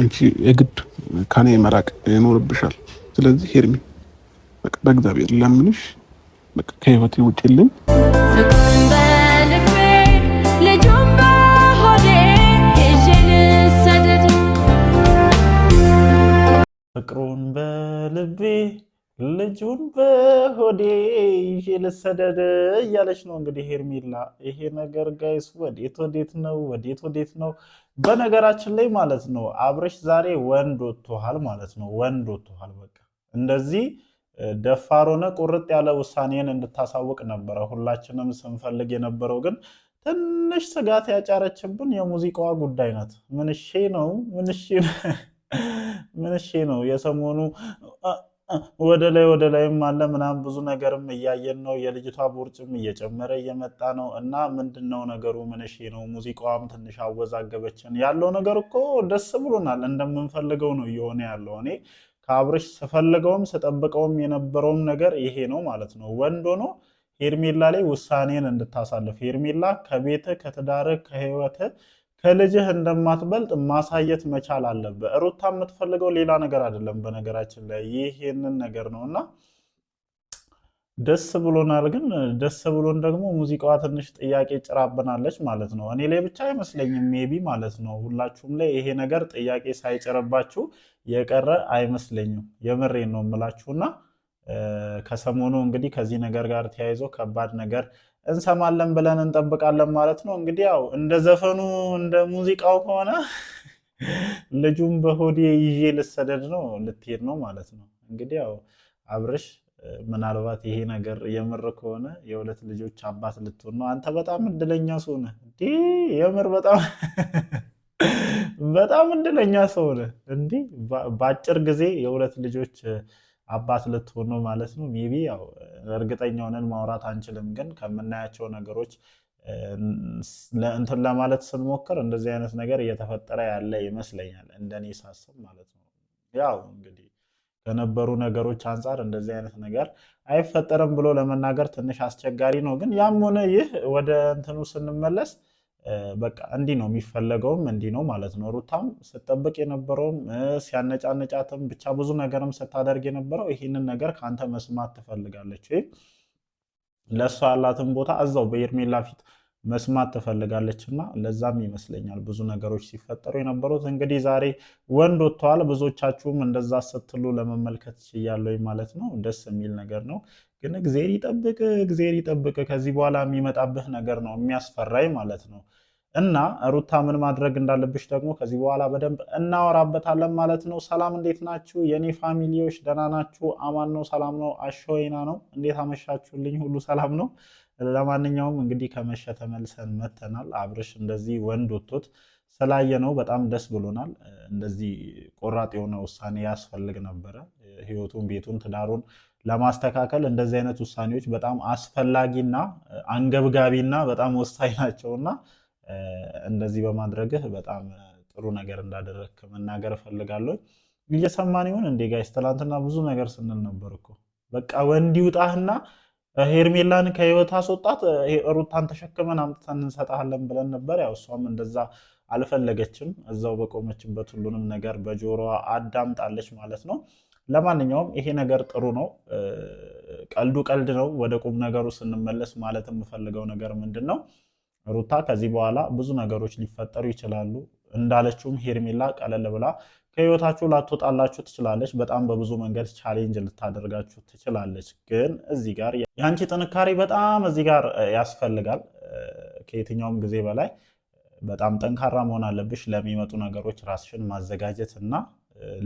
አንቺ የግድ ከኔ መራቅ ይኖርብሻል። ስለዚህ ሄርሚ በእግዚአብሔር ለምንሽ ከህይወቴ ውጭ የለኝ ፍቅሩን በልቤ ልጁን በሆዴ ይዤ ልሰደድ እያለች ነው እንግዲህ ሄርሚላ። ይሄ ነገር ጋይስ ወዴት ወዴት ነው? ወዴት ወዴት ነው? በነገራችን ላይ ማለት ነው አብርሽ ዛሬ ወንድ ወጥቶሃል ማለት ነው። ወንድ ወጥቶሃል። በቃ እንደዚህ ደፋር ሆነ ቁርጥ ያለ ውሳኔን እንድታሳውቅ ነበረ ሁላችንም ስንፈልግ የነበረው። ግን ትንሽ ስጋት ያጫረችብን የሙዚቃዋ ጉዳይ ናት። ምንሼ ነው ምንሼ ነው የሰሞኑ ወደ ላይ ወደ ላይም አለ ምናምን ብዙ ነገርም እያየን ነው። የልጅቷ ቦርጭም እየጨመረ እየመጣ ነው እና ምንድን ነው ነገሩ? ምንሽ ነው? ሙዚቃዋም ትንሽ አወዛገበችን። ያለው ነገር እኮ ደስ ብሎናል። እንደምንፈልገው ነው እየሆነ ያለው። እኔ ከአብርሽ ስፈልገውም ስጠብቀውም የነበረውም ነገር ይሄ ነው ማለት ነው። ወንድ ሆኖ ሄርሜላ ላይ ውሳኔን እንድታሳልፍ ሄርሜላ ከቤት ከትዳር ከህይወት ከልጅህ እንደማትበልጥ ማሳየት መቻል አለብህ። ሩታ የምትፈልገው ሌላ ነገር አይደለም። በነገራችን ላይ ይህንን ነገር ነው እና ደስ ብሎናል። ግን ደስ ብሎን ደግሞ ሙዚቃዋ ትንሽ ጥያቄ ጭራብናለች ማለት ነው። እኔ ላይ ብቻ አይመስለኝም፣ ሜቢ ማለት ነው ሁላችሁም ላይ ይሄ ነገር ጥያቄ ሳይጭርባችሁ የቀረ አይመስለኝም። የምሬን ነው የምላችሁና ከሰሞኑ እንግዲህ ከዚህ ነገር ጋር ተያይዞ ከባድ ነገር እንሰማለን ብለን እንጠብቃለን ማለት ነው። እንግዲህ ያው እንደ ዘፈኑ እንደ ሙዚቃው ከሆነ ልጁም በሆዴ ይዤ ልሰደድ ነው ልትሄድ ነው ማለት ነው። እንግዲህ ያው አብርሽ ምናልባት ይሄ ነገር የምር ከሆነ የሁለት ልጆች አባት ልትሆን ነው። አንተ በጣም እድለኛ ሰው ነህ። እንዲህ የምር በጣም በጣም እድለኛ ሰው ነህ። እንዲህ በአጭር ጊዜ የሁለት ልጆች አባት ልትሆን ነው ማለት ነው። ሜቢ ያው እርግጠኛ ሆነን ማውራት አንችልም፣ ግን ከምናያቸው ነገሮች እንትን ለማለት ስንሞክር እንደዚህ አይነት ነገር እየተፈጠረ ያለ ይመስለኛል፣ እንደኔ ሳስብ ማለት ነው። ያው እንግዲህ ከነበሩ ነገሮች አንጻር እንደዚህ አይነት ነገር አይፈጠርም ብሎ ለመናገር ትንሽ አስቸጋሪ ነው። ግን ያም ሆነ ይህ ወደ እንትኑ ስንመለስ በቃ እንዲህ ነው የሚፈለገውም እንዲህ ነው ማለት ነው። ሩታም ስትጠብቅ የነበረውም ሲያነጫነጫትም ብቻ ብዙ ነገርም ስታደርግ የነበረው ይህንን ነገር ከአንተ መስማት ትፈልጋለች ወይም ለእሷ ያላትን ቦታ እዛው በኤርሜላ ፊት መስማት ትፈልጋለች እና ለዛም ይመስለኛል ብዙ ነገሮች ሲፈጠሩ የነበሩት። እንግዲህ ዛሬ ወንድ ወጥተዋል። ብዙዎቻችሁም እንደዛ ስትሉ ለመመልከት ችያለሁ ማለት ነው። ደስ የሚል ነገር ነው። ግን እግዜር ይጠብቅ፣ እግዜር ይጠብቅ። ከዚህ በኋላ የሚመጣብህ ነገር ነው የሚያስፈራኝ ማለት ነው። እና ሩታ ምን ማድረግ እንዳለብሽ ደግሞ ከዚህ በኋላ በደንብ እናወራበታለን ማለት ነው። ሰላም እንዴት ናችሁ የእኔ ፋሚሊዎች? ደህና ናችሁ? አማን ነው፣ ሰላም ነው፣ አሸወይና ነው። እንዴት አመሻችሁልኝ? ሁሉ ሰላም ነው ለማንኛውም እንግዲህ ከመሸ ተመልሰን መተናል። አብርሽ እንደዚህ ወንድ ወቶት ስላየ ነው በጣም ደስ ብሎናል። እንደዚህ ቆራጥ የሆነ ውሳኔ ያስፈልግ ነበረ። ህይወቱን፣ ቤቱን፣ ትዳሩን ለማስተካከል እንደዚህ አይነት ውሳኔዎች በጣም አስፈላጊና አንገብጋቢና በጣም ወሳኝ ናቸውና እንደዚህ በማድረግህ በጣም ጥሩ ነገር እንዳደረግክ መናገር እፈልጋለሁ። እየሰማን ይሁን እንዴ ጋይስ? ብዙ ነገር ስንል ነበር እኮ በቃ ወንድ ይውጣህና ሄርሜላን ከህይወት አስወጣት፣ ሩታን ተሸክመን አምጥተን እንሰጣለን ብለን ነበር። ያው እሷም እንደዛ አልፈለገችም። እዛው በቆመችበት ሁሉንም ነገር በጆሮዋ አዳምጣለች ማለት ነው። ለማንኛውም ይሄ ነገር ጥሩ ነው። ቀልዱ ቀልድ ነው። ወደ ቁም ነገሩ ስንመለስ ማለት የምፈልገው ነገር ምንድን ነው፣ ሩታ ከዚህ በኋላ ብዙ ነገሮች ሊፈጠሩ ይችላሉ። እንዳለችውም ሄርሜላ ቀለል ብላ ከህይወታችሁ ላትወጣላችሁ ትችላለች። በጣም በብዙ መንገድ ቻሌንጅ ልታደርጋችሁ ትችላለች። ግን እዚህ ጋር የአንቺ ጥንካሬ በጣም እዚህ ጋር ያስፈልጋል። ከየትኛውም ጊዜ በላይ በጣም ጠንካራ መሆን አለብሽ። ለሚመጡ ነገሮች ራስሽን ማዘጋጀት እና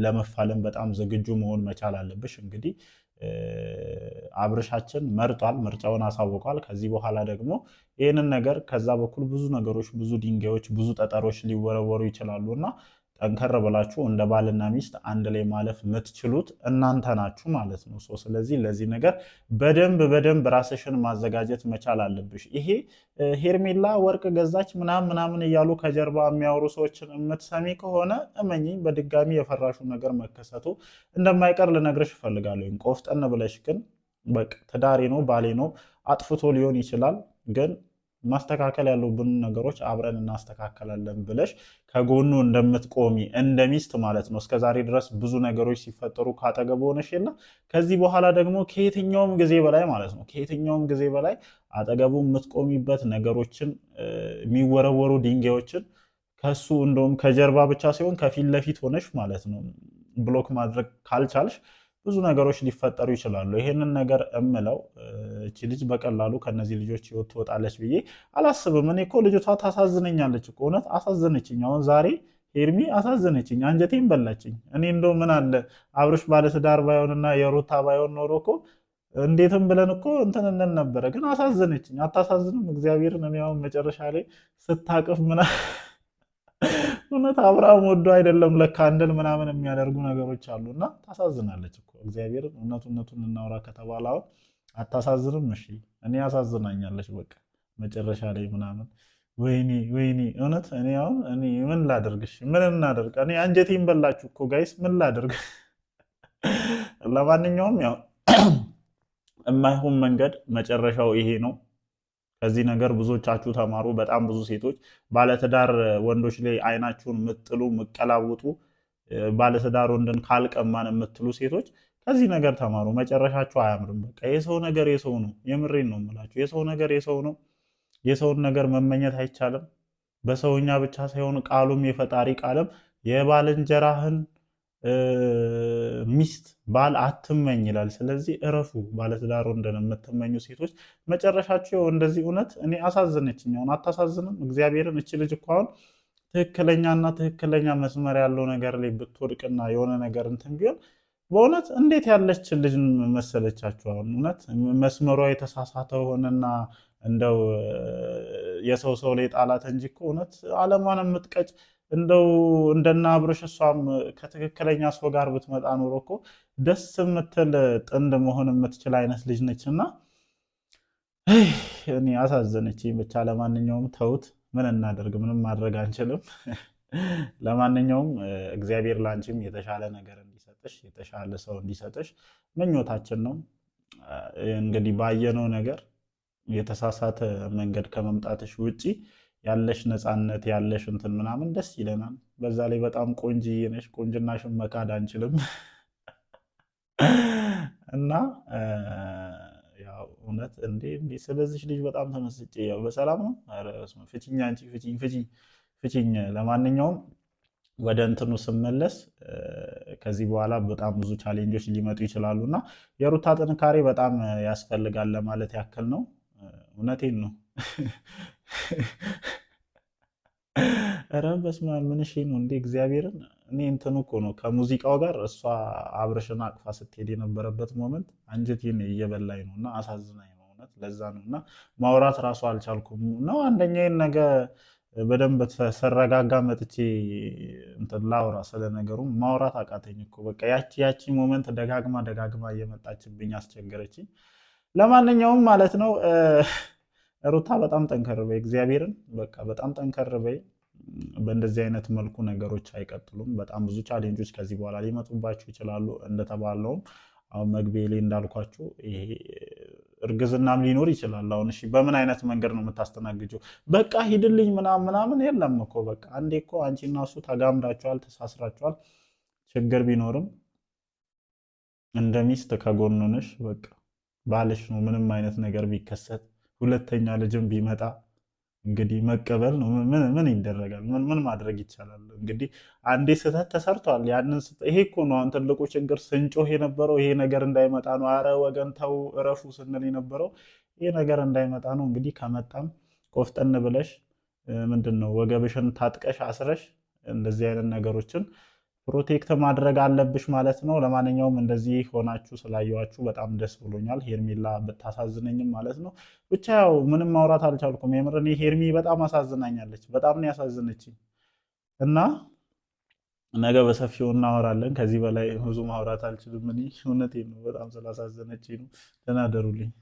ለመፋለም በጣም ዝግጁ መሆን መቻል አለብሽ እንግዲህ አብርሻችን መርጧል፣ ምርጫውን አሳውቋል። ከዚህ በኋላ ደግሞ ይህንን ነገር ከዛ በኩል ብዙ ነገሮች፣ ብዙ ድንጋዮች፣ ብዙ ጠጠሮች ሊወረወሩ ይችላሉ እና ጠንከር ብላችሁ እንደ ባልና ሚስት አንድ ላይ ማለፍ የምትችሉት እናንተ ናችሁ ማለት ነው። ስለዚህ ለዚህ ነገር በደንብ በደንብ ራስሽን ማዘጋጀት መቻል አለብሽ። ይሄ ሄርሜላ ወርቅ ገዛች ምናምን ምናምን እያሉ ከጀርባ የሚያወሩ ሰዎችን የምትሰሚ ከሆነ እመኚኝ በድጋሚ የፈራሹ ነገር መከሰቱ እንደማይቀር ልነግርሽ እፈልጋለሁ። ቆፍጠን ብለሽ ግን በቃ ትዳሬ ነው ባሌ ነው አጥፍቶ ሊሆን ይችላል ግን ማስተካከል ያሉብን ነገሮች አብረን እናስተካከላለን ብለሽ ከጎኑ እንደምትቆሚ እንደ ሚስት ማለት ነው። እስከዛሬ ድረስ ብዙ ነገሮች ሲፈጠሩ ካጠገብ ሆነሽ የለ ከዚህ በኋላ ደግሞ ከየትኛውም ጊዜ በላይ ማለት ነው ከየትኛውም ጊዜ በላይ አጠገቡ የምትቆሚበት ነገሮችን የሚወረወሩ ድንጋዮችን ከሱ እንደውም ከጀርባ ብቻ ሲሆን ከፊት ለፊት ሆነሽ ማለት ነው ብሎክ ማድረግ ካልቻልሽ ብዙ ነገሮች ሊፈጠሩ ይችላሉ። ይሄንን ነገር እምለው እቺ ልጅ በቀላሉ ከነዚህ ልጆች ህይወት ትወጣለች ብዬ አላስብም። እኔ እኮ ልጅቷ ታሳዝነኛለች እኮ እውነት አሳዘነችኝ። አሁን ዛሬ ሄርሚ አሳዘነችኝ፣ አንጀቴን በላችኝ። እኔ እንደ ምን አለ አብርሽ ባለትዳር ባይሆንና የሩታ ባይሆን ኖሮ እኮ እንዴትም ብለን እኮ እንትን እንል ነበረ። ግን አሳዘነችኝ። አታሳዝንም? እግዚአብሔርን እኔ አሁን መጨረሻ ላይ ስታቅፍ ምና እውነት አብርሃም ወዶ አይደለም ለካ እንደል ምናምን የሚያደርጉ ነገሮች አሉ እና ታሳዝናለች እኮ እግዚአብሔር። እውነቱ እውነቱን እናውራ ከተባለ አሁን አታሳዝንም? እሺ እኔ ያሳዝናኛለች በቃ መጨረሻ ላይ ምናምን ወይኔ ወይኔ እውነት እኔ አሁን እኔ ምን ላደርግሽ? ምን እናደርግ? እኔ አንጀቴን በላችሁ እኮ ጋይስ፣ ምን ላደርግ? ለማንኛውም ያው የማይሆን መንገድ መጨረሻው ይሄ ነው። ከዚህ ነገር ብዙዎቻችሁ ተማሩ። በጣም ብዙ ሴቶች ባለትዳር ወንዶች ላይ አይናችሁን ምጥሉ ምቀላውጡ ባለትዳር ወንድን ካልቀማን የምትሉ ሴቶች ከዚህ ነገር ተማሩ። መጨረሻችሁ አያምርም። በቃ የሰው ነገር የሰው ነው። የምሬን ነው የምላችሁ። የሰው ነገር የሰው ነው። የሰውን ነገር መመኘት አይቻልም። በሰውኛ ብቻ ሳይሆን ቃሉም የፈጣሪ ቃልም የባልንጀራህን ሚስት ባል አትመኝ ይላል። ስለዚህ እረፉ ባለትዳር ወንድን የምትመኙ ሴቶች መጨረሻቸው እንደዚህ እውነት እኔ አሳዘነችኝ። አሁን አታሳዝንም? እግዚአብሔርን እች ልጅ እኮ አሁን ትክክለኛና ትክክለኛ መስመር ያለው ነገር ላይ ብትወድቅና የሆነ ነገር እንትን ቢሆን በእውነት እንዴት ያለች ልጅ መሰለቻችሁ። አሁን እውነት መስመሯ የተሳሳተ ሆነና እንደው የሰው ሰው ላይ ጣላት እንጂ እኮ እውነት አለሟን የምትቀጭ እንደው እንደና አብርሽ እሷም ከትክክለኛ ሰው ጋር ብትመጣ ኖሮ እኮ ደስ የምትል ጥንድ መሆን የምትችል አይነት ልጅ ነች። እና እኔ አሳዘነች ብቻ። ለማንኛውም ተውት፣ ምን እናደርግ? ምንም ማድረግ አንችልም። ለማንኛውም እግዚአብሔር ላንቺም የተሻለ ነገር እንዲሰጥሽ፣ የተሻለ ሰው እንዲሰጥሽ ምኞታችን ነው። እንግዲህ ባየነው ነገር የተሳሳተ መንገድ ከመምጣትሽ ውጪ ያለሽ ነፃነት ያለሽ እንትን ምናምን ደስ ይለናል። በዛ ላይ በጣም ቆንጅዬ ነሽ፣ ቆንጅናሽን መካድ አንችልም እና እውነት እንዴ ስለዚች ልጅ በጣም ተመስጬ ያው በሰላም ነው። ፍቺኝ አንቺ ፍቺኝ ፍቺኝ ፍቺኝ። ለማንኛውም ወደ እንትኑ ስመለስ ከዚህ በኋላ በጣም ብዙ ቻሌንጆች ሊመጡ ይችላሉ እና የሩታ ጥንካሬ በጣም ያስፈልጋል ለማለት ያክል ነው። እውነቴን ነው። ኧረ በስመ አብ ነው እንዴ? እግዚአብሔርን እኔ እንትኑ እኮ ነው ከሙዚቃው ጋር እሷ አብረሽና አቅፋ ስትሄድ የነበረበት ሞመንት አንጀቴን እየበላኝ ነው እና አሳዝናኝ ነው እውነት። ለዛ ነው እና ማውራት ራሱ አልቻልኩም ነው አንደኛዬን ነገ በደንብ ተሰረጋጋ መጥቼ እንትን ላውራ ስለ ነገሩ ማውራት አቃተኝ እኮ በቃ ያቺ ያቺ ሞመንት ደጋግማ ደጋግማ እየመጣችብኝ አስቸገረችኝ። ለማንኛውም ማለት ነው ሩታ በጣም ጠንከር በይ፣ እግዚአብሔርን በቃ በጣም ጠንከር በይ። በእንደዚህ አይነት መልኩ ነገሮች አይቀጥሉም። በጣም ብዙ ቻሌንጆች ከዚህ በኋላ ሊመጡባችሁ ይችላሉ። እንደተባለውም አሁን መግቢያ ላይ እንዳልኳችሁ ይሄ እርግዝናም ሊኖር ይችላል። አሁን እሺ፣ በምን አይነት መንገድ ነው የምታስተናግጀው? በቃ ሂድልኝ ምናምን ምናምን የለም እኮ በቃ አንዴ እኮ እና እሱ ተጋምዳችኋል፣ ተሳስራችኋል። ችግር ቢኖርም እንደ ሚስት በቃ ባልሽ ነው። ምንም አይነት ነገር ቢከሰት ሁለተኛ ልጅም ቢመጣ እንግዲህ መቀበል ነው። ምን ይደረጋል? ምን ማድረግ ይቻላል? እንግዲህ አንዴ ስህተት ተሰርቷል። ያንን ይሄ እኮ ነው አሁን ትልቁ ችግር ስንጮህ የነበረው ይሄ ነገር እንዳይመጣ ነው። አረ ወገን ተው እረፉ ስንል የነበረው ይሄ ነገር እንዳይመጣ ነው። እንግዲህ ከመጣም ቆፍጠን ብለሽ ምንድን ነው ወገብሽን ታጥቀሽ አስረሽ እንደዚህ አይነት ነገሮችን ፕሮቴክት ማድረግ አለብሽ ማለት ነው። ለማንኛውም እንደዚህ ሆናችሁ ስላየዋችሁ በጣም ደስ ብሎኛል። ሄርሜላ ብታሳዝነኝም ማለት ነው። ብቻ ያው ምንም ማውራት አልቻልኩም። የምር እኔ ሄርሚ በጣም አሳዝናኛለች። በጣም ነው ያሳዝነችኝ እና ነገ በሰፊው እናወራለን። ከዚህ በላይ ብዙ ማውራት አልችልም። እኔ እውነቴን ነው። በጣም ስላሳዘነችኝ ነው። ደህና